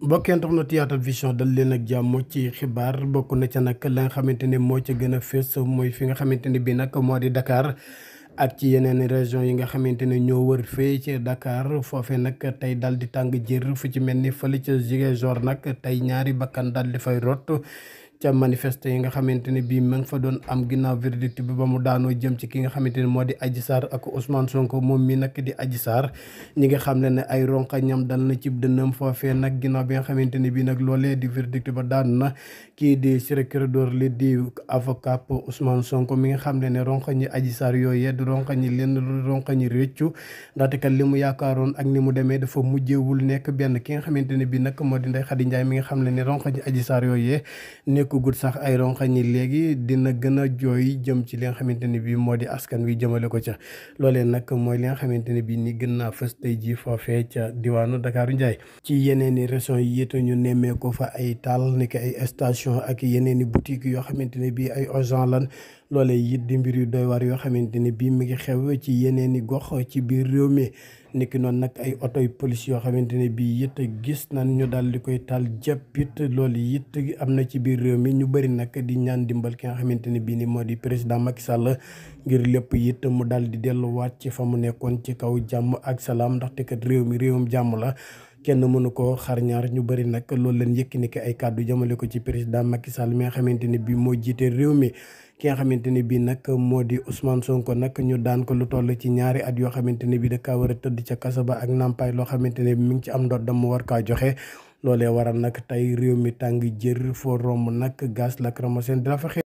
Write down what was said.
bokkeen tax na Yatal Vision dal leen ak jàmm ci xibaar bokk na ca nag la nga xamante ne moo ca gën a fees mooy fi nga xamante ne bii nag moo di dakaar ak ci yeneen région yi nga xamante ne ñoo war fee ci Dakar foofee nag tey dal di tàng jër fu ci mel ni fële ca Ziguinchor nag tey ñaari bakkan dal di fay rot. ca manifeste yi nga xamante ne bii ma fa doon am ginnaaw verdict bi ba mu daanoo jëm ci ki nga xamante ne moo di Adji Sarr ak Ousmane Sonko moom mi nag di Adji Sarr ñi nga xam ne ne ay ronqa ñam na cib dënnam foofee nag ginnaaw bi nga xamante ne bii nag loolee di verdict ba daan na kii di Ciré-Clédor Ly di avocat pour Ousmane Sonko mi nga xam ne ne ronqa ñi Adji Sarr yooyee du ronqa ñi lenn ronqa ñi réccu ndaxte kat li mu yaakaaroon ak ni mu demee dafa mujjewul nekk benn ki nga xamante ne bii nag moo di Ndeye Khady Ndiaye mi nga xam ne ne ronqa ñi Adji Sarr yooyee nekkagut sax ay ronxañ ni léegi dina gën a jooy jëm ci li nga xamante ne bii moo di askan wi jëmale ko ca loole nag mooy li nga xamante ne bii ni gën naa fës tey jii foofee ca diwaanu Dakaaru Njaay ci yeneen i régions yi it ñu nemee ko fa ay taal ni ki ay station ak yeneen i boutiques yoo xamante ne bii ay agents lan loolee it di mbir yu doy waar yoo xamante ne bii mi ngi xew ci yeneen i gox ci biir réew mi niki noonu nag ay oto yu police yoo xamante ne bii it gis nan ñu daal di koy taal jàpp it loolu it am na ci biir réew mi ñu bëri nag di ñaan dimbal ki nga xamante ne bii ni moo di président Macky Sall ngir lépp it mu daal di delluwaat ci fa mu nekkoon ci kaw jàmm ak salaam te kat réew mi réewum jàmm la kenn mënu ko xar ñaar ñu bëri nag loolu leen Yékini ay kàddu jëmale ko ci président Macky Sall mi nga xamante ni bii moo jiite réew mi ki nga xamante ni bii nag moo di Ousmane Sonko nag ñu daan ko lu toll ci ñaari at yoo xamante ni bii da kaa war a tëdd ca kaso ba ak nampaay loo xamante ne mi ngi ci am ndoddam mu war kaa joxe loolee waral nag tey réew mi tàng jër foo romb nag gaz lacrymogène dina fa